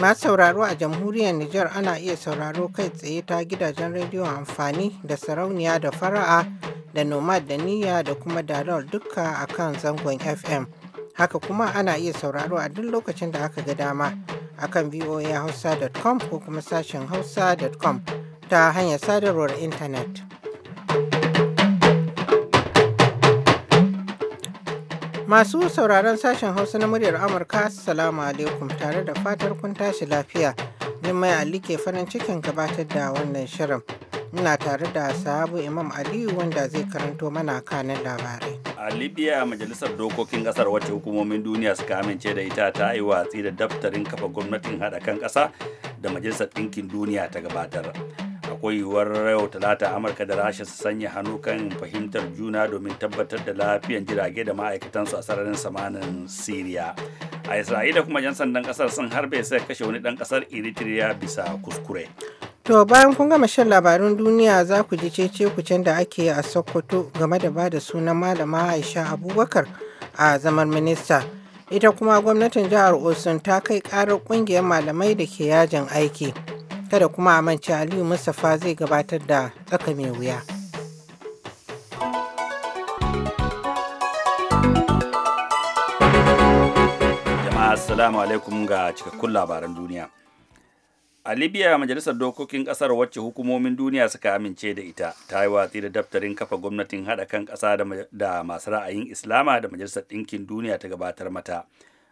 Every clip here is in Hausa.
Masu sauraro a jamhuriyar Nijar ana iya sauraro kai tsaye ta gidajen rediyo amfani da sarauniya da fara'a da nomad da niyya da kuma dalar duka a kan zangon FM. Haka kuma ana iya sauraro a duk lokacin da aka ga dama a kan voahausa.com ko kuma sashen hausa.com ta hanyar sadarwar intanet. Masu sauraron sashen Hausa na muryar Amurka, Salamu alaikum tare da fatar kun tashi lafiya. Jummai Ali ke farin cikin gabatar da wannan shirin. ina tare da sahabu Imam Aliyu wanda zai karanto mana kanin labarai. A Libya majalisar dokokin kasar wacce hukumomin duniya suka amince da ita ta yi watsi da daftarin kafa gwamnatin haɗa kan ƙasa da majalisar ɗinkin duniya ta gabatar. akwai yiwuwar yau talata amurka da rasha su sanya hannu kan fahimtar juna domin tabbatar da lafiyan jirage da ma'aikatansu a sararin samanin siriya a isra'ila kuma yan sandan kasar sun harbe sai kashe wani dan kasar eritrea bisa kuskure to bayan kun gama shan labarun duniya za ku ji cece kucin da ake a sokoto game da ba da sunan malama aisha abubakar a zaman minista ita kuma gwamnatin jihar osun ta kai karar kungiyar malamai da ke yajin aiki Kada kuma a manci Aliyu Mustapha zai gabatar da tsaka mai wuya. Jama'a Assalamu alaikum ga cikakkun labaran duniya. A Libya majalisar dokokin kasar wacce hukumomin duniya suka amince da ita ta yi watsi da daftarin kafa gwamnatin haɗa kan ƙasa da masu ra'ayin Islama da majalisar ɗinkin duniya ta gabatar mata.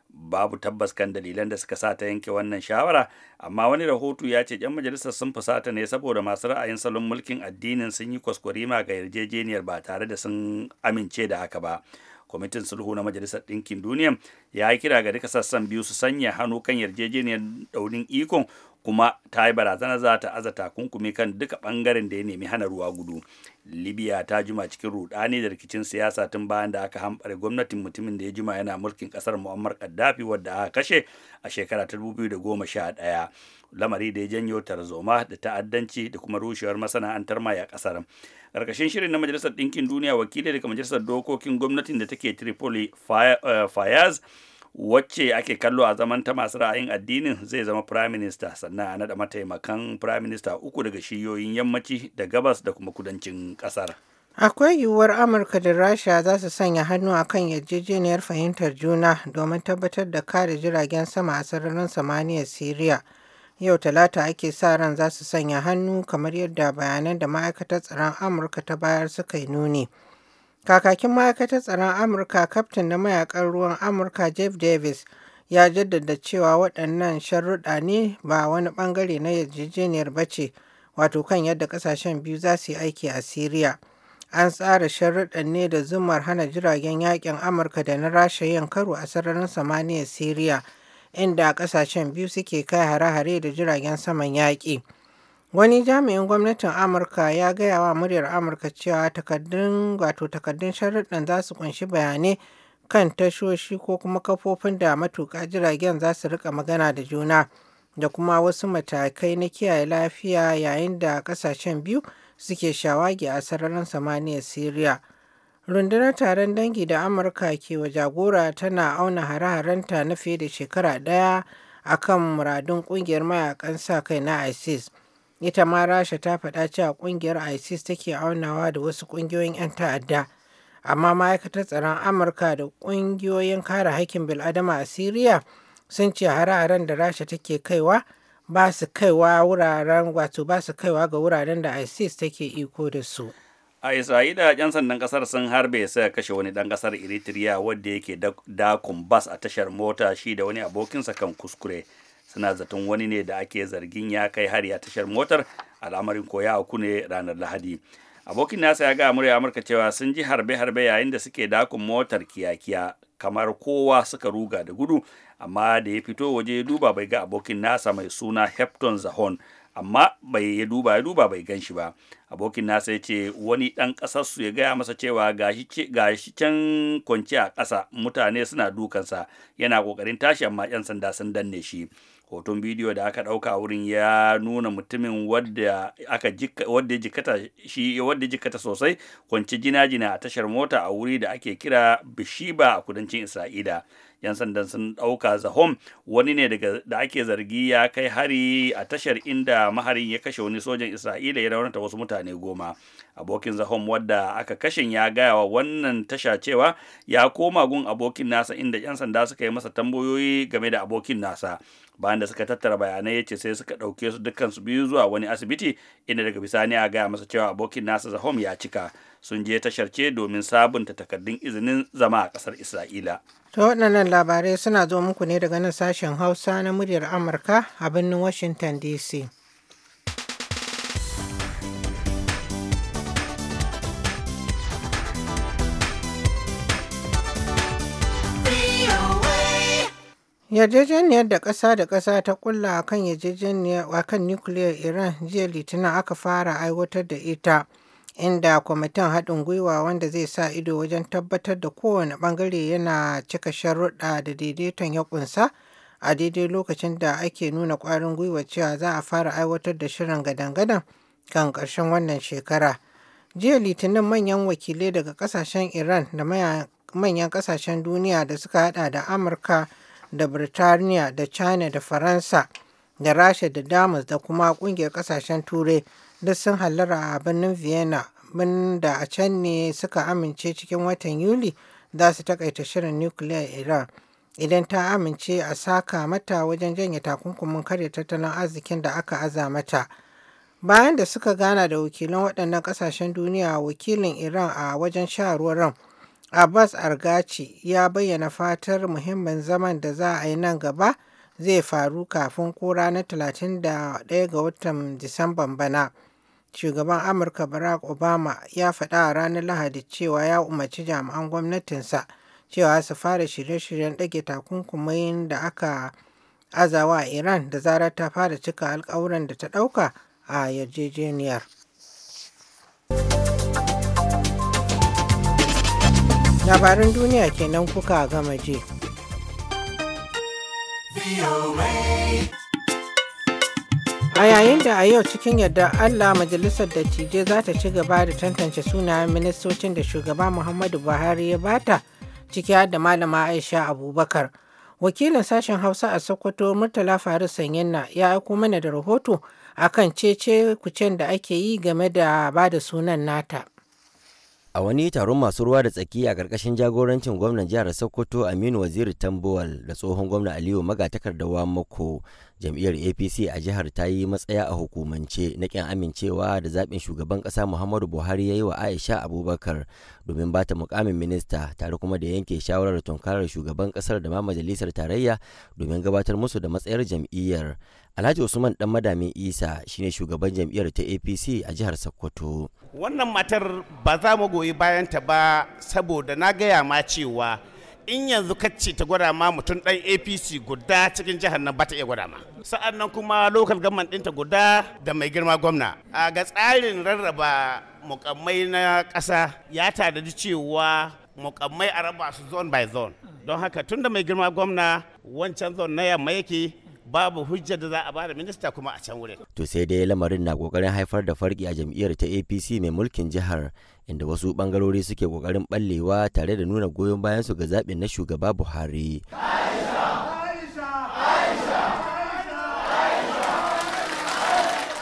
babu tabbas kan dalilan da suka sa ta yanke wannan shawara amma wani rahoto ya ce yan majalisar sun fusata ne saboda masu ra'ayin salon mulkin addinin sun yi kwaskwarima ga yarjejeniyar ba tare da sun amince da haka ba kwamitin sulhu na majalisar ɗinkin duniya ya yi kira ga duka sassan biyu su sanya hannu kan yarjejeniyar daunin ikon kuma ta yi barazana za ta aza takunkumi kan duka ɓangaren da ya nemi hana ruwa gudu libya ta jima cikin rudani da rikicin siyasa tun bayan da aka hambare gwamnatin mutumin da ya jima yana mulkin kasar muammar gaddafi wadda aka kashe a shekara ta 2011 lamari da ya janyo tarzoma da ta'addanci da kuma rushewar masana'antar mai a kasar karkashin shirin na majalisar ɗinkin duniya wakili daga majalisar dokokin gwamnatin da take tripoli eh, fayaz wacce ake kallo a zaman ta masu ra'ayin addinin zai zama prime minister sannan a naɗa mataimakan prime minister uku daga shiyoyin yammaci da gabas da kuma kudancin kasar. Akwai yiwuwar Amurka da Rasha za su sanya hannu a kan yarjejeniyar fahimtar juna domin tabbatar da kare jiragen sama a sararin samaniya Siriya. Yau Talata ake sa ran za su sanya hannu kamar yadda bayanan da ma'aikatar tsaron Amurka ta bayar suka yi nuni. Kakakin ma'aikatar tsaron Amurka kaftin na mayakan ruwan Amurka Jeff Davis ya jaddada cewa waɗannan sharuɗa ne ba wani ɓangare na yarjejeniyar ba ce wato kan yadda ƙasashen biyu za su yi aiki a Siriya. An tsara sharuɗan ne da zumar hana jiragen yakin Amurka da na Rasha yin karo a sararin samaniyar Siriya inda ƙasashen biyu suke kai hare-hare da jiragen saman yaƙi. Wani jami'in gwamnatin Amurka ya gaya wa muryar Amurka cewa takardun wato takardun sharuɗan za su ƙunshi bayanai kan tashoshi ko kuma kafofin da matuƙa jiragen za su riƙa magana da juna da kuma wasu matakai na kiyaye lafiya yayin da ƙasashen biyu suke shawagi a sararin samaniya Siriya. Rundunar taron dangi da Amurka ke wa jagora tana auna hare-harenta na fiye da shekara ɗaya akan muradun ƙungiyar mayakan sa kai na ISIS. ita ma rasha ta faɗa cewa ƙungiyar isis take aunawa da wasu ƙungiyoyin 'yan ta'adda amma ma'aikatar tsaron amurka da ƙungiyoyin kare haƙƙin bil'adama a siriya sun ce hare-haren da rasha take kaiwa ba su kaiwa wuraren wato ba su kaiwa ga wuraren da isis take iko da su a isra'ila yan sandan kasar sun harbe suka kashe wani dan kasar eritrea wadda yake dakun bas a tashar mota shi da wani abokinsa kan kuskure suna zaton wani ne da ake zargin ya kai har ya tashar motar al'amarin koya a ne ranar lahadi abokin nasa ya ga murya amurka cewa sun ji harbe-harbe yayin da suke dakon motar kiyakiya kamar kowa suka ruga da gudu amma da ya fito waje ya duba bai ga abokin nasa mai suna hepton zahon amma bai ya duba ya duba bai gan shi ba abokin nasa ya ce wani ɗan ƙasarsu ya gaya masa cewa gashi can kwanci a ƙasa mutane suna dukansa yana ƙoƙarin tashi amma 'yan sanda sun danne shi hoton bidiyo da aka ɗauka wurin ya nuna mutumin wadda ya jikata shi wadda ya jikata sosai kwanci jina-jina a tashar mota a wuri da ake kira bishiba a kudancin isra'ila yan sandan sun ɗauka zahom wani ne da ake zargi ya kai hari a tashar inda maharin ya kashe wani sojan isra'ila ya raunata wasu mutane goma abokin zahom wadda aka kashin ya gaya wa wannan tasha cewa ya koma gun abokin nasa inda yan sanda suka yi masa tambayoyi game da abokin nasa bayan da suka tattara bayanai ya ce sai suka ɗauke su dukkan su biyu zuwa wani asibiti inda daga bisani a gaya masa cewa abokin nasa zahom ya cika sun je tashar ce domin sabunta takardun izinin zama a ƙasar isra'ila to waɗannan labarai suna zo muku ne daga nan sashen hausa na muryar amurka a birnin washington dc Yarjejeniyar da ƙasa da ƙasa ta kulla a kan yarjejeniyar kan nukiliyar Iran jiya Litinin aka fara aiwatar da ita, inda kwamitin haɗin gwiwa wanda zai sa ido wajen tabbatar da kowane ɓangare yana cika sharuɗa da daidaiton ya ƙunsa a daidai lokacin da ake nuna ƙwarin gwiwa cewa za a fara aiwatar da shirin gadan-gadan kan ƙarshen wannan shekara. Jiya Litinin manyan wakilai daga ƙasashen Iran da manyan ƙasashen duniya da suka haɗa da Amurka da Birtaniya da China da Faransa da Rasha da Damas da kuma kungiyar kasashen Turai duk sun hallara a birnin Vienna birnin da a can ne suka amince cikin watan Yuli za su takaita shirin nukiliyar Iran idan ta amince a saka mata wajen janye takunkumin karya tattalin arzikin da aka aza mata. Bayan da suka gana da wakilan waɗannan ƙasashen duniya wakilin Iran a wajen ran. Abbas Argaci ya bayyana fatar muhimmin zaman da za a yi nan gaba zai faru kafin ko ranar 31 ga watan Disamban bana. Shugaban Amurka Barack Obama ya faɗa a ranar Lahadi cewa ya umarci jami'an gwamnatinsa cewa su fara shirye-shiryen ɗage takunkumin da aka azawa a Iran da zarar ta fara cika alkawuran da ta ɗauka a yarjejeniyar. labaran duniya kenan kuka gama je. A yayin da a yau cikin yadda Allah Majalisar da Dattijai za ta ci gaba da tantance sunayen ministocin da shugaba Muhammadu Buhari ya bata ciki har da Malama Aisha Abubakar. Wakilin sashen Hausa a Sokoto Murtala Faris Sanyenna ya aiko mana da rahoto akan cece kucen da ake yi game da bada sunan nata. a wani taron masu ruwa da tsaki a ƙarƙashin jagorancin gwamnan jihar sokoto aminu waziri tambuwal da tsohon gwamna aliyu Magatakarda mako jam'iyyar apc a jihar ta yi matsaya a hukumance na ƙin amincewa da zaɓin shugaban ƙasa muhammadu buhari ya yi wa aisha abubakar domin ba ta mukamin minista tare kuma da yanke shawarar tunkarar shugaban ƙasar da ma majalisar tarayya domin gabatar musu da matsayar jam'iyyar Alhaji Usman dan madamin Isa shine shugaban jam'iyyar ta APC a jihar Sokoto. Wannan matar ba za mu goyi bayanta ba saboda na gaya ma cewa in yanzu kacce ta gwada ma mutum dan APC guda cikin jihar nan ba ta iya gwada ma. Sa'an nan kuma local government ɗinta guda da mai girma gwamna. A ga tsarin rarraba mukammai na ƙasa ya tanadi cewa mukammai a raba su zone by zone. Don haka tunda mai girma gwamna wancan zone na yamma yake babu hujja da za a bada minista kuma a can wurin. To sai dai lamarin na kokarin haifar da farki a jam'iyyar ta APC mai mulkin jihar inda wasu bangarori suke kokarin ballewa tare da nuna goyon bayan su ga zaɓin na shugaba Buhari.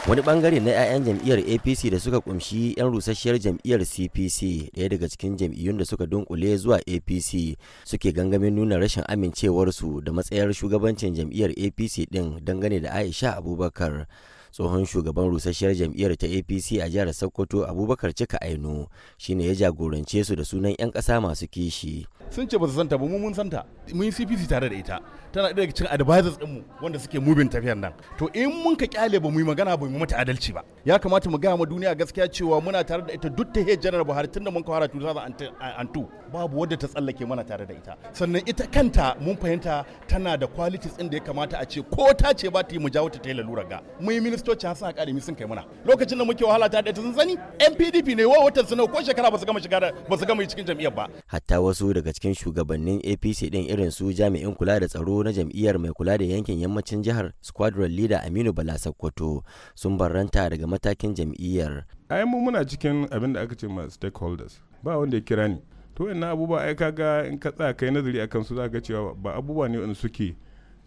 wani bangare na 'ya'yan jam'iyyar apc da suka kumshi 'yan rusasshiyar jam'iyyar cpc ɗaya daga cikin jam'iyyun da suka dunkule zuwa apc suke gangamin nuna rashin amincewarsu da matsayar shugabancin jam'iyyar apc din dangane da aisha abubakar tsohon shugaban rusasshiyar jam'iyyar ta apc a jihar sokoto abubakar cika aino shine ya jagorance su da sunan 'yan ƙasa masu kishi sun ce ba su santa ba mun santa mun cpc tare da ita tana daga cikin advisors mu wanda suke mubin tafiyar nan to in mun ka kyale ba mu yi magana ba mu mata adalci ba ya kamata mu gaya ma duniya gaskiya cewa muna tare da ita duk ta hiyar general buhari tun mun mun kawara tu antu babu wadda ta tsallake mana tare da ita sannan ita kanta mun fahimta tana da qualities din da ya kamata a ce ko ta ce ba ta yi mu jawo ta ta yi lalura ga mu yi ministoci har sun akademi sun kai muna lokacin da muke wahala ta da ita sun sani npdp ne wa watan sanau ko shekara ba su gama shiga ba su gama cikin jam'iyyar ba hatta wasu daga cikin shugabannin apc din irin su jami'in kula da tsaro na jam'iyyar mai kula da yankin yammacin jihar squadron leader aminu bala sakkwato sun barranta daga matakin jam'iyyar ai mu muna cikin abin da aka ce ma stakeholders ba wanda ya kira ni to na abubuwa ai kaga in ka tsaya kai nazari akan su zaka cewa ba abubuwa ne wanda suke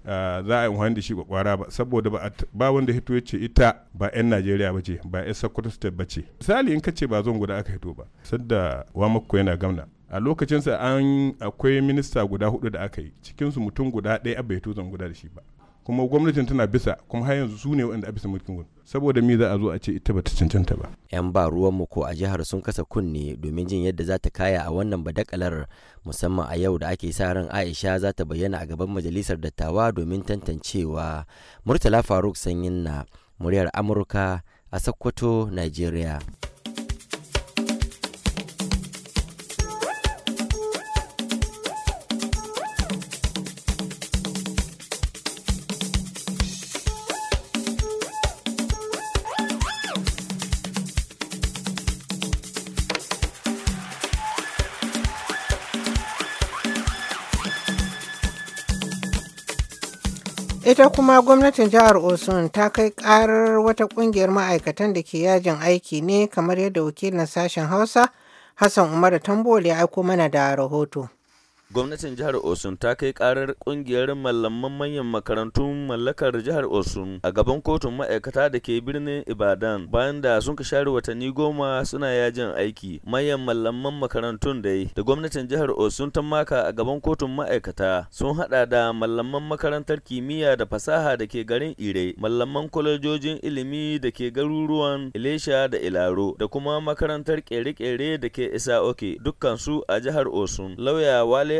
ah, za a yi wani da shi kwakwara ba saboda ba wanda hito ya ce ita ba 'yan najeriya ba ce ba 'yan sokoto state ba ce misali in ka ce ba zan guda aka hito ba sadda wa yana gamna a lokacinsa an akwai minista guda hudu da aka yi cikinsu mutum guda ɗaya bai tozon guda da shi ba kuma gwamnatin tana bisa kuma har yanzu su ne waɗanda a bisa mulkin gun saboda mi za a zo a ce ita bata cancanta ba yan ba ruwan mu ko a jihar sun kasa kunne domin jin yadda za ta kaya a wannan badakalar musamman a yau da ake sa ran Aisha za ta bayyana a gaban majalisar dattawa domin tantancewa Murtala Faruk Sanyin na muryar Amurka a Sokoto Nigeria Ita kuma gwamnatin jihar Osun ta kai karar wata kungiyar ma'aikatan da ke yajin aiki ne kamar yadda wakilin sashen Hausa Hassan Umaru Tambole ya aiko mana da rahoto. Gwamnatin jihar Osun ta kai karar kungiyar mallaman manyan makarantun mallakar jihar Osun a gaban kotun ma'aikata da ke birnin Ibadan bayan da sun ka share watanni goma suna yajin aiki. Manyan mallaman makarantun dai da gwamnatin jihar Osun ta maka a gaban kotun ma'aikata sun hada da mallaman makarantar kimiyya da fasaha da ke garin Ire, mallaman kwalejojin ilimi da ke garuruwan Ilesha da Ilaro da kuma makarantar kere-kere da ke Isa Oke dukkansu a jihar Osun. Lauya Wale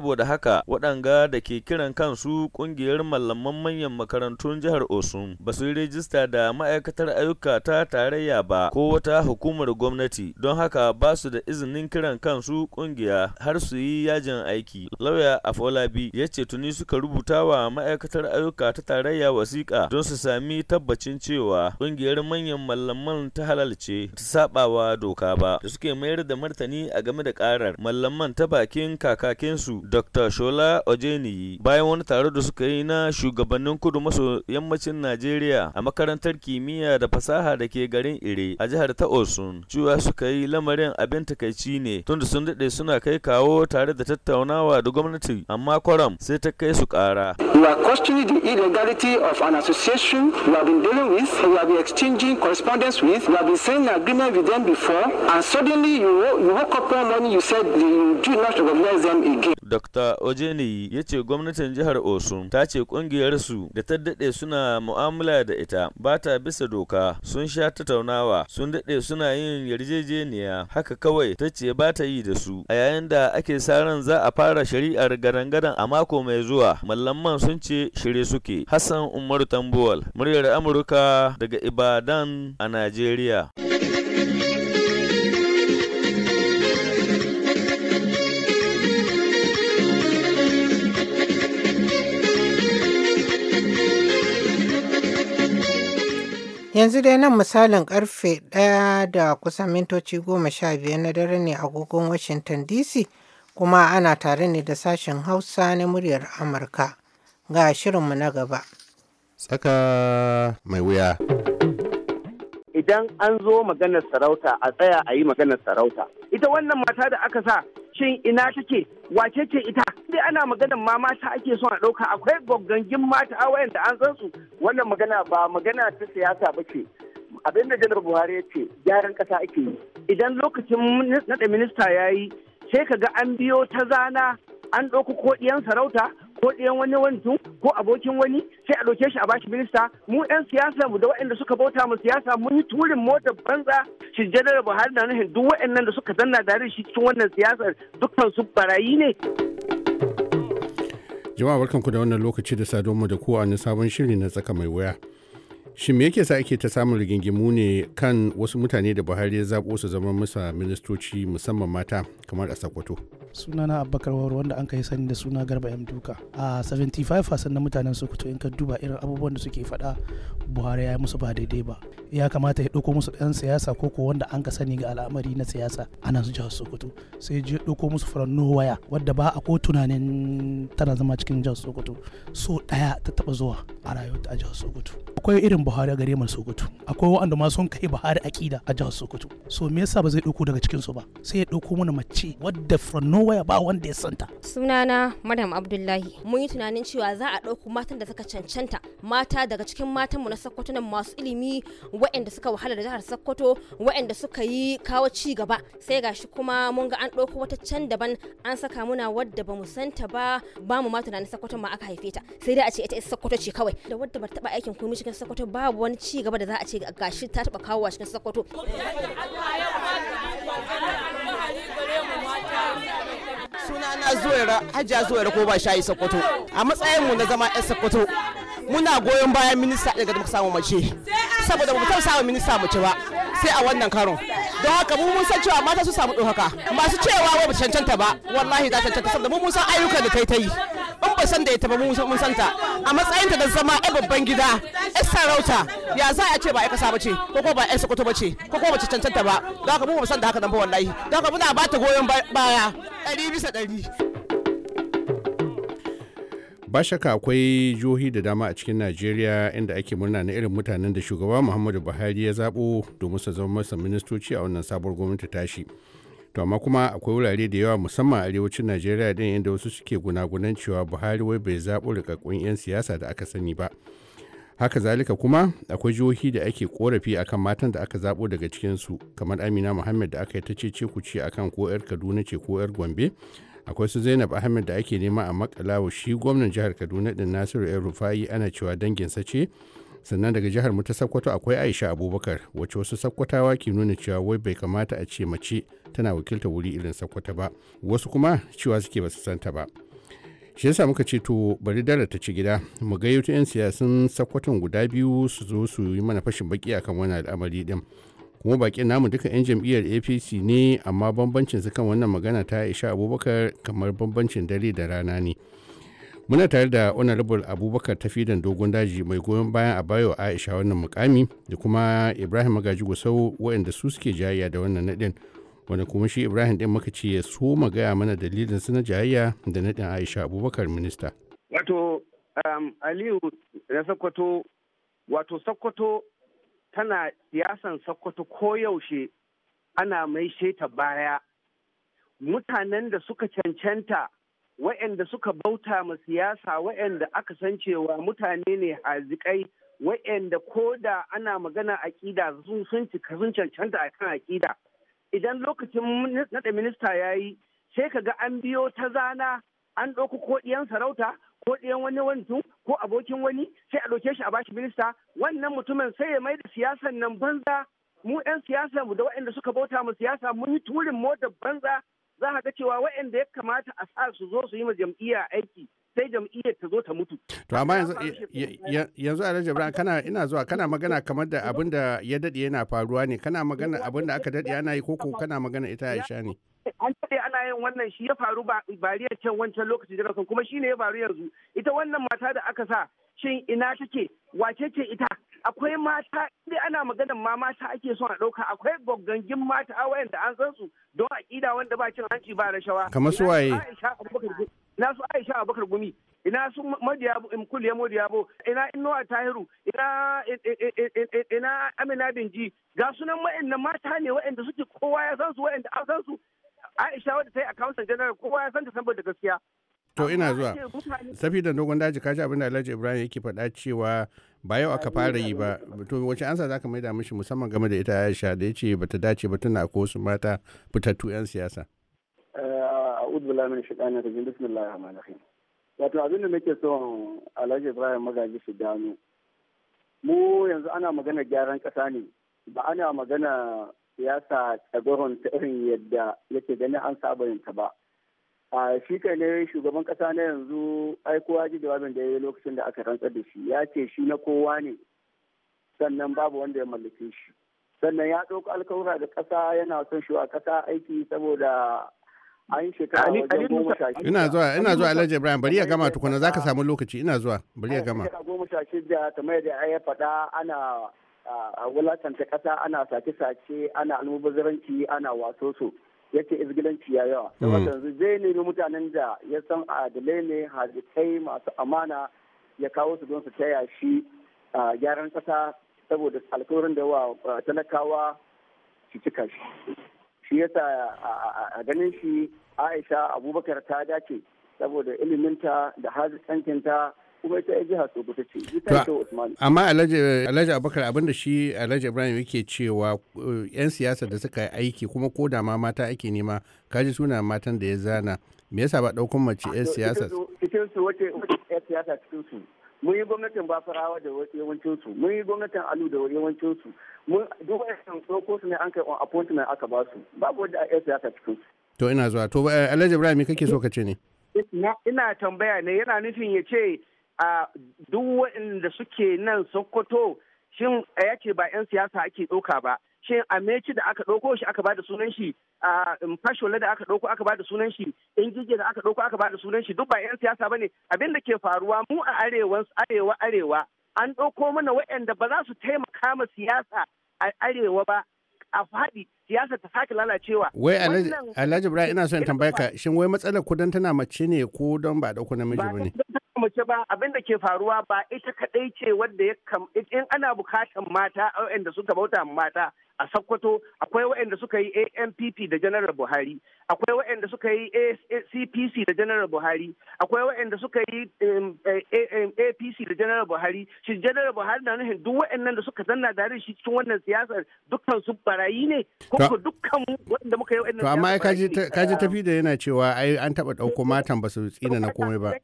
saboda haka waɗanga da ke kiran kansu ƙungiyar malaman manyan makarantun jihar Osun ba su yi rijista da ma'aikatar ayyuka ta tarayya ba ko wata hukumar gwamnati don haka ba su da izinin kiran kansu ƙungiya har su yi yajin aiki. Lauya Afolabi ya ce tuni suka rubuta wa ma'aikatar ayyuka ta tarayya wasiƙa don su sami tabbacin cewa ƙungiyar manyan malaman ta halalce ta saɓawa doka ba da suke mayar da martani a game da ƙarar malaman ta bakin kakakinsu dr shola ojeniyi bayan wani tare da suka yi na shugabannin kudu maso yammacin najeriya a makarantar kimiyya da fasaha da ke garin ire a jihar ta osun cewa suka yi lamarin abin takaici ne tun tunda sun daɗe suna kai kawo tare da tattaunawa da gwamnati amma kwaram sai ta kai su ƙara. we are questioning the illegality of an association we have been dealing with we have been exchanging correspondence with we have been signing agreement with them before and suddenly you, you woke up you said you do not recognize them again. Dr. Ojeniyi ya ce gwamnatin jihar Osun ta ce ƙungiyarsu da ta daɗe suna mu'amala da ita ba ta bisa doka sun sha tattaunawa sun daɗe suna yin yarjejeniya haka kawai ta ce ba ta yi da su a yayin da ake sa ran za a fara shari'ar gadan a mako mai zuwa mallaman sun ce shirye suke Hassan Umaru Tambuwal muryar Amurka daga Ibadan a Najeriya. Yanzu dai nan misalin karfe ɗaya da kusan mintoci goma sha biyar na dare ne a agogon Washington DC kuma ana tare ne da sashen Hausa na muryar Amurka. Ga shirinmu na gaba. Tsaka mai wuya. Idan an zo maganar sarauta a tsaya a yi maganar sarauta. Ita wannan mata da aka sa shin ina take wace ce ita dai ana maganan ma mata ake son a ɗauka akwai gwaggangin mata wayan da an san su wannan magana ba magana ta siyasa ba ce abin da janar buhari ya ce gyaran ƙasa ake yi idan lokacin naɗa minista ya yi sai ka ga an biyo ta zana an ɗauko ko sarauta ko ɗayan wani wani ko abokin wani sai a ɗauke shi a bashi minista mu 'yan siyasa mu da waɗanda suka bauta mu siyasa mun yi turin motar banza shi janar buhari na nuhin duk waɗannan da suka zanna da shi cikin wannan siyasar dukkan barayi ne. jama'a barkanku da wannan lokaci da sadonmu da kowa na sabon shiri na tsaka mai wuya Shin me yake sa ake ta samun rigingimu ne kan wasu mutane da Buhari ya zaɓo su zama masa ministoci musamman mata kamar a suna Sunana Abubakar waru wanda an kai sani da suna Garba yan Duka. A 75% na mutanen Sokoto in ka duba irin abubuwan da suke faɗa buhari ya yi musu ba daidai ba ya kamata ya ɗauko musu ɗan siyasa ko ko wanda an ka sani ga al'amari na siyasa ana su jihar sokoto sai ya ɗauko musu furan waya wadda ba a ko tunanin tana zama cikin jihar sokoto so ɗaya ta taɓa zuwa a rayuwa a jihar sokoto akwai irin buhari a gare mu sokoto akwai waɗanda ma sun kai buhari aƙida a jihar sokoto so me yasa ba zai ɗauko daga cikin su ba sai ya ɗauko mana mace wadda furan waya ba wanda ya santa sunana madam abdullahi mun yi tunanin cewa za a ɗauko matan da suka cancanta mata daga cikin matanmu na Sokoto nan masu ilimi waɗanda suka wahala da jihar Sokoto waɗanda suka yi kawo ci gaba sai gashi kuma mun ga an ɗauko wata can daban an saka muna wadda bamu santa ba ba mu ma tunanin Sokoto ma aka haife ta sai dai a ce ita Sokoto ce kawai da wadda ba taɓa aikin komai cikin Sokoto babu wani ci gaba da za a ce gashi ta taɓa kawo cikin Sokoto. sunana zuwaira hajiya zuwaira ko ba shayi sokoto a matsayin mu na zama yan sokoto muna goyon bayan minista daga muka samu mace saboda mu taɓa samu minista mace ba sai a wannan karon don haka mu mun san cewa mata su samu ɗaukaka masu cewa ba cancanta ba wallahi za cancanta saboda mu mun san ayyukan da ta yi ta yi in ba san da ita ba mun san ta a matsayin ta da zama ai babban gida ai sarauta ya za a ce ba ai kasa bace ko ko ba ai sokoto bace ko ko bace cancanta ba don haka mu ba san da haka nan ba wallahi don haka muna ba ta goyon baya ɗari bisa ɗari ba shaka akwai jihohi da dama a cikin najeriya inda ake murna na irin mutanen da shugaba muhammadu buhari ya zaɓo domin su zama masa ministoci a wannan sabuwar gwamnati tashi to amma kuma akwai wurare da yawa musamman a arewacin najeriya din inda wasu suke gunagunan cewa buhari wai bai zaɓo rikakkun 'yan siyasa da aka sani ba haka zalika kuma akwai jihohi da ake korafi akan matan da aka zaɓo daga cikinsu kamar amina muhammad da aka yi ta ce ku ce akan ko 'yar kaduna ce ko 'yar gombe akwai su zainab ahmed da ake nema a wa shi gwamnan jihar kaduna din nasiru yan rufayi ana cewa danginsa ce sannan daga jihar mu ta sakkwato akwai aisha abubakar wacce wasu sakkwatawa ke nuna cewa wai bai kamata a ce mace tana wakilta wuri irin sakkwata ba wasu kuma cewa suke basu santa ba shi yasa muka ce to bari dara ta ci gida mu gayyato 'yan siyasan sakkwatan guda biyu su zo su yi mana fashin baki akan wani al'amari din kuma bakin namu duka 'yan jam'iyyar apc ne amma bambancin su kan wannan magana ta isha abubakar kamar bambancin dare da rana ne muna tare da honorable abubakar tafidan dogon daji mai goyon bayan a bayo aisha wannan mukami da kuma ibrahim magaji gusau waɗanda su suke jayayya da wannan naɗin wanda kuma shi ibrahim ɗin muka ce ya so gaya mana dalilin su na jayayya da naɗin aisha abubakar minista wato um, aliyu na sokoto wato sokoto tana siyasan Sokoto yaushe ana mai ta baya. Mutanen da suka cancanta wa'anda suka bauta ma siyasa wa'anda aka san cewa mutane ne hazikai wa'anda ko da ana magana aƙida sun cika sun cancanta a kan aƙida. Idan lokacin naɗa minista ya yi sai ka ga an biyo ta zana an ɗauko ko ɗiyan sarauta ko ɗiyan wani wantu ko abokin wani sai a ɗauke shi a bashi minista wannan mutumin sai ya mai da siyasan nan banza mu 'yan siyasa mu da waɗanda suka bauta mu siyasa mun yi turin motar banza za a ga cewa waɗanda ya kamata a sa su zo su yi ma jam'iyya aiki sai jam'iyyar ta zo ta mutu. To amma yanzu a rajabra kana ina zuwa kana magana kamar da abin da ya daɗe yana faruwa ne kana magana abin da aka daɗe ana yi koko kana magana ita Aisha ne. an daɗe ana yin wannan shi ya faru bariyar can wancan lokacin rasu kuma shi ne ya faru yanzu ita wannan mata da aka sa shin ina take wace ce ita akwai mata inda ana maganar ma mata ake son a ɗauka akwai gwaggangin mata da an san su don aƙida wanda ba cin hanci ba rashawa kamar su waye ina su Aisha Abubakar Gumi ina su Madiya Imkuliya bo ina Inuwa Tahiru ina eh, eh, eh, ina Amina Binji ga sunan mata ne wa'anda suke kowa ya san su wa'anda an san su Aisha wadda ta yi accountant general kowa ya san ta saboda gaskiya. To ina zuwa. da dogon daji kaji abin da Alhaji Ibrahim yake faɗa cewa ba yau aka fara yi ba. To wace ansa zaka da mishi musamman game da ita Aisha da yace bata dace ba tana ko su mata fitattu 'yan siyasa. Eh, a'udhu billahi minash shaitanir rajim. Bismillahir rahmanir rahim. Wato abin da nake son Alhaji Ibrahim magaji su gano. Mu yanzu ana magana gyaran ƙasa ne ba ana magana siyasa tsagoron ta irin yadda yake ganin an saba yin ta ba a shi kai ne shugaban kasa na yanzu aikowa ji jawabin da ya yi lokacin da aka rantsar da shi ya ce shi na kowa ne sannan babu wanda ya mallake shi sannan ya ɗauko alkawura da ƙasa yana son shi wa ƙasa aiki saboda an shekara wajen goma sha shida. Ina zuwa, ina zuwa Alhaji Ibrahim, bari ya gama tukuna za ka samu lokaci, ina zuwa, bari ya gama. Shekara goma sha shida kamar yadda ya faɗa ana a wulatanta ƙasa ana sace-sace ana almubazaranci ana waso su yake izgilanci ya yawa. Da hmm. yanzu zai nemi mutanen da ya san adalai ne hazikai masu amana ya kawo su don su taya shi gyaran kasa saboda alkawarin da wa talakawa su cika shi. Shi yasa a ganin shi Aisha Abubakar ta dace saboda iliminta da ta. kuma ita ya ce ita amma alhaji abubakar abinda shi alhaji ibrahim yake cewa eh, yan siyasa da suka yi aiki kuma ko da ma mata ake nema kaji suna matan da ya zana me yasa ba ɗaukun mace yan siyasa cikin su wace yan siyasa cikin su mun yi gwamnatin bafarawa da yawancin su mun yi gwamnatin alu da yawancin su mun duk wa'annan tsoko su ne an kai on appointment aka ba su babu wanda yan siyasa cikin su to ina zuwa to eh, alhaji ibrahim kake so ka ce ne ina tambaya ne yana nufin ya ce a duk waɗanda suke nan sokoto shin a yake ba 'yan siyasa ake ɗauka ba shin ameci da aka ɗauko shi aka bada sunan shi a fashola da aka ɗauko aka bada sunan shi gige da aka ɗauko aka bada sunan shi duk ba 'yan siyasa bane abin da ke faruwa mu a arewa arewa arewa an ɗauko mana waɗanda ba za su taimaka ma siyasa a arewa ba a faɗi siyasa ta sake lalacewa. Wai Alhaji Ibrahim ina son tambaya ka shin wai matsalar kudan tana mace ne ko don ba ɗauko namiji ba ne? mace ba abin da ke faruwa ba ita kadai ce wadda ya kam in ana bukatan mata waɗanda suka bauta mata a sakkwato akwai waɗanda suka yi ANPP da General Buhari akwai waɗanda suka yi CPC da General Buhari akwai waɗanda suka yi um, um, APC da General Buhari shi General Buhari na nufin duk waɗannan da suka zanna da shi cikin wannan siyasar dukkan su barayi ne ko dukkan waɗanda muka yi waɗannan to amma kaji tafi da yana cewa ai an taɓa ɗauko matan ba su tsina na komai ba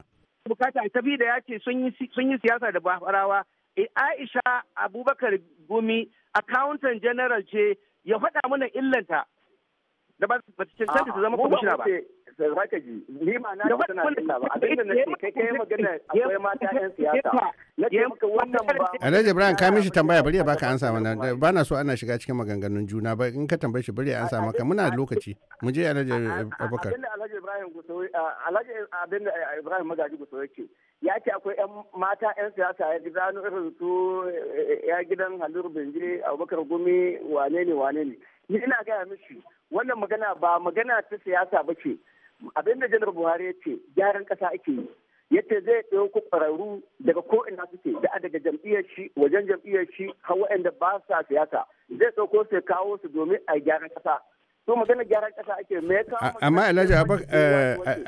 bukata da ya ce sun yi siyasa da bafarawa e, aisha abubakar gumi accountant general ce ya faɗa mana illanta da ba ta cancanta ta zama kwamishina ba baka ji ni ma na ba tana illa ba abin da nake kai kai magana akwai mata yan siyasa na nake maka wannan ba Alhaji Ibrahim ka mishi tambaya bari ya baka ansa mana ba na so ana shiga cikin maganganun juna ba in ka tambaye shi bari ya ansa maka muna da lokaci mu je Alhaji Abubakar Alhaji Ibrahim Gusoyi Alhaji abin da Ibrahim Magaji Gusoyi ce ya ce akwai yan mata yan siyasa ya gidanu irin su eh, ya gidan Halilu Benjire Abubakar Gumi wane ne wane ne ni ina gaya mishi wannan magana ba magana ta siyasa ba ce abin da janar buhari ya ce gyaran kasa ake yi yadda zai ɗauko ƙwararru daga ko ina suke da daga jam'iyyar shi wajen jam'iyyar shi har waɗanda ba sa siyasa zai ɗauko su kawo su domin a gyaran kasa. su magana gyaran kasa ake me amma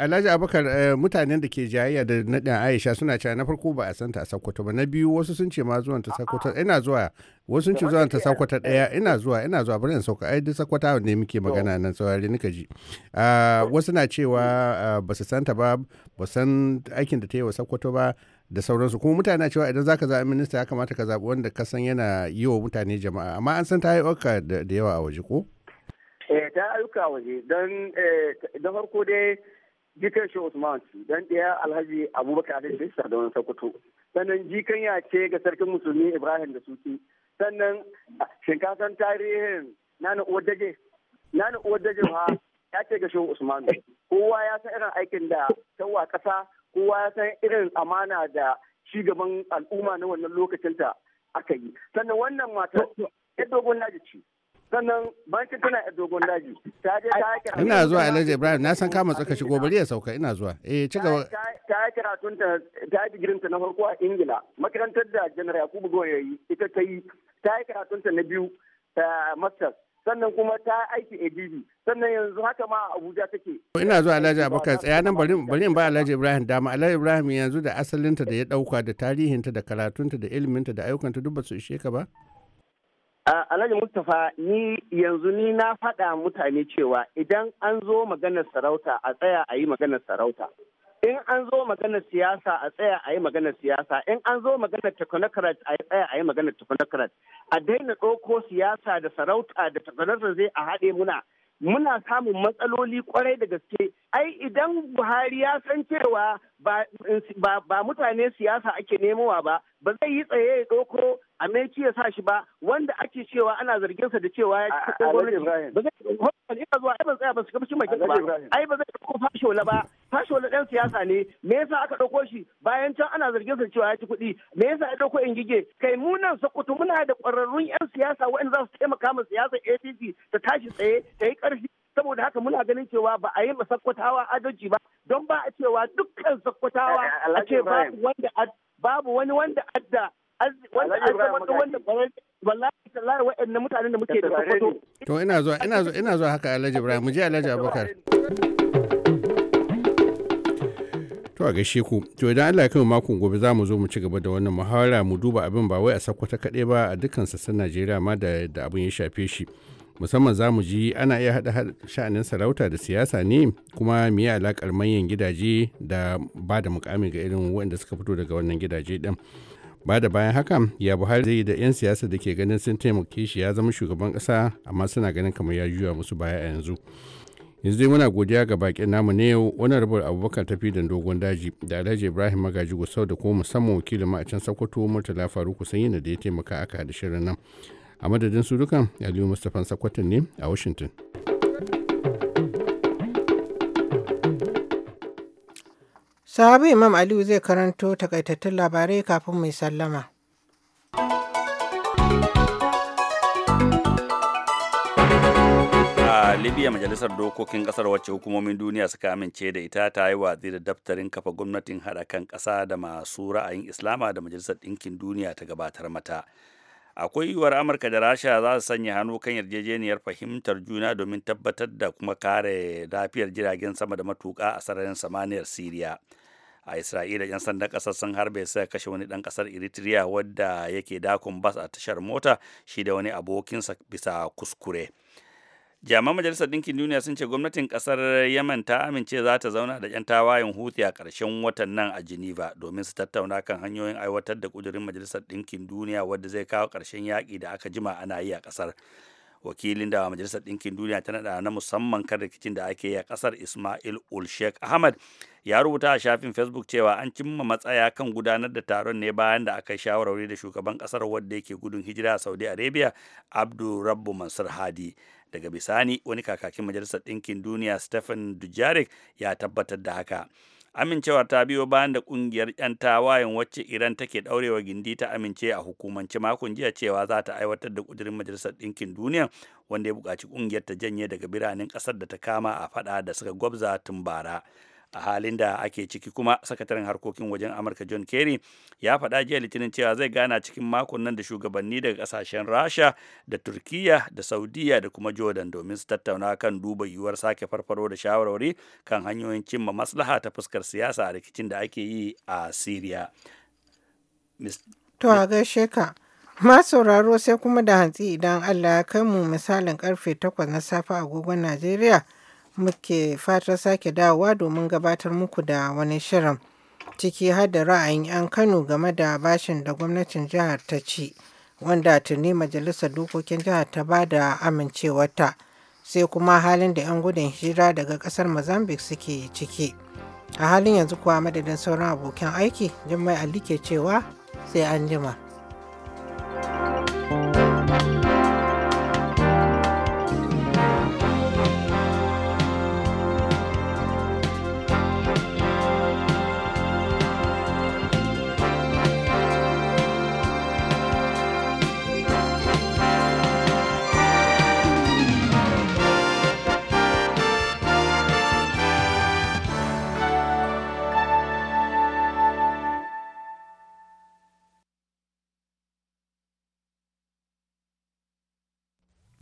alhaji abakar eh, eh, mutanen da ke jayayya da nadin aisha suna cewa na farko ba a san ta sakwato sakkwato ba na biyu wasu sun ce ma zuwan ta sakkwato ina zuwa wasu sun ce zuwan ta sakkwato daya eh. ina zuwa ina zuwa bari in sauka ai duk sakkwata ne muke magana nan saurare nika ji ah, wasu na cewa mm. ah, ba su san ta ba ba san aikin da ta yi wa sakkwato ba da sauransu kuma mutane cewa idan zaka zaɓi minista ya kamata ka zaɓi wanda ka san yana yi wa mutane jama'a amma an san ta yi da yawa a waje ko Eh, ta ayyuka waje don da eh, farko dai jikan shi Usman dan ɗaya Alhaji Abubakar da Isa da wani Sokoto sannan jikan ya ce ga sarkin musulmi Ibrahim da Suki sannan shinkasan tarihin nana uwar daje nana uwar daje ma ya ce ga shi Usman kowa ya san irin aikin da tawa ƙasa kowa ya san irin amana da cigaban al'umma na wannan lokacin ta aka yi sannan wannan mata ya dogon ce sannan banki tana a dogon daji ta je ta yi ina zuwa alhaji ibrahim na san kama tsaka shigo bari ya sauka ina zuwa eh ci gaba ta yi karatun ta ta yi digirin ta na farko a ingila makarantar da general yakubu goya yi ita ta yi ta yi karatun ta na biyu masters sannan kuma ta aiki adb sannan yanzu haka ma abuja take ina zuwa alhaji abubakar tsaya nan bari bari in ba alhaji ibrahim dama alhaji ibrahim yanzu da asalinta da ya dauka da tarihinta da karatunta da iliminta da ayyukanta duk ba su ishe ka ba Alhaji Mustapha ni yanzu ni na faɗa mutane cewa idan an zo maganar sarauta a tsaya a yi maganar sarauta. In an zo maganar siyasa a tsaya a yi maganar siyasa, in an zo maganar technocrat a tsaya a yi maganar technocrat. A daina ɗauko siyasa da sarauta da technocrat zai a haɗe muna muna samun matsaloli kwarai da gaske ai idan buhari ya san cewa ba mutane siyasa ake nemowa ba ba zai yi tsaye ya doko a mai ya sa shi ba wanda ake cewa ana zargin sa da cewa ya ci gwamnati ba zai ina zuwa ai ban tsaya ba su ba ai ba zai ɗauko fashola ba tashi wani ɗan siyasa ne me yasa aka ɗauko shi bayan can ana zargin sa cewa ya ci kuɗi me yasa ya ɗauko gige kai mu nan sokoto muna da ƙwararrun 'yan siyasa waɗanda za su taimaka ma siyasar APC ta tashi tsaye ta yi ƙarfi saboda haka muna ganin cewa ba a yi ma sakkwatawa adalci ba don ba a cewa dukkan sakkwatawa a ce babu wanda babu wani wanda adda wanda wanda mutanen da muke da to ina zuwa ina zuwa haka Alhaji Ibrahim mu je Alhaji Abubakar To a gaishe ku, to idan Allah ya kai makon gobe za mu zo mu ci gaba da wannan muhawara mu duba abin ba wai a sakwata kaɗai ba a dukkan sassan Najeriya ma da abin ya shafe shi. Musamman za mu ji ana iya haɗa sha'anin sarauta da siyasa ne kuma me yi alakar manyan gidaje da ba da mukami ga irin waɗanda suka fito daga wannan gidaje din Ba da bayan haka ya Buhari zai da 'yan siyasa da ke ganin sun taimake shi ya zama shugaban kasa amma suna ganin kamar ya juya musu baya a yanzu. yanzu muna godiya ga bakin namu ne yau rabar abubakar tafi da dogon daji da alhaji ibrahim magaji gusau da kuma musamman wakilin a can sokoto murtala faruku sanyi da ya taimaka aka da shirin nan a madadin su dukan aliyu mustapha sakwatin ne a washington sahabi imam aliyu zai karanto takaitattun labarai kafin mai sallama libya majalisar dokokin kasar wacce hukumomin duniya suka amince da ita ta yi watsi da daftarin kafa gwamnatin haɗa kan ƙasa da masu ra'ayin islama da majalisar ɗinkin duniya ta gabatar mata akwai yiwuwar amurka da rasha za su sanya hannu kan yarjejeniyar fahimtar juna domin tabbatar da kuma kare lafiyar jiragen sama da matuka a sararin samaniyar siriya a isra'ila yan sanda kasar sun harbe sai kashe wani dan kasar eritrea wadda yake dakon bas a tashar mota shi da wani abokinsa bisa kuskure jami'an majalisar dinkin duniya sun ce gwamnatin kasar yemen ta amince za ta zauna da 'yan tawayen huthi a karshen watan nan a geneva domin su tattauna kan hanyoyin aiwatar da kudurin majalisar dinkin duniya wadda zai kawo karshen yaƙi da aka jima ana yi a kasar wakilin da majalisar dinkin duniya ta naɗa na musamman kan rikicin da ake yi a kasar ismail ul sheikh ahmad ya rubuta a shafin facebook cewa an cimma matsaya kan gudanar da taron ne bayan da aka shawarwari da shugaban kasar wadda yake gudun hijira a saudi arabia abdu rabbu mansur hadi daga bisani wani kakakin majalisar ɗinkin duniya stephen dujarric ya tabbatar da haka amincewar ta biyo bayan da kungiyar 'yan tawayen wacce iran take daurewa gindi ta amince a hukumance makon jiya cewa za ta aiwatar da kudirin majalisar ɗinkin duniya wanda ya buƙaci kungiyar ta janye daga biranen ƙasar da ta kama a faɗa da suka gwabza tun bara a halin da ake ciki kuma sakataren harkokin wajen amurka john kerry ya faɗa jiya litinin cewa zai gana cikin makon nan da shugabanni daga ƙasashen rasha da turkiya da saudiya da kuma jordan domin su tattauna kan duba yiwuwar sake farfaro da shawarwari kan hanyoyin cimma maslaha ta fuskar siyasa a rikicin da ake yi a syria to a gaishe ka ma sauraro sai kuma da hantsi idan allah ya kai mu misalin karfe takwas na safe agogon najeriya muke fatar sake dawowa domin gabatar muku da wani shirin ciki har da ra'ayin 'yan Kano game da bashin da gwamnatin jihar ta ci wanda tuni majalisar dokokin jihar ta ba da amincewarta sai kuma halin da 'yan gudun hira daga kasar Mozambique suke ciki. A halin yanzu kuwa madadin sauran abokan aiki, Jummai Ali ke cewa sai an jima.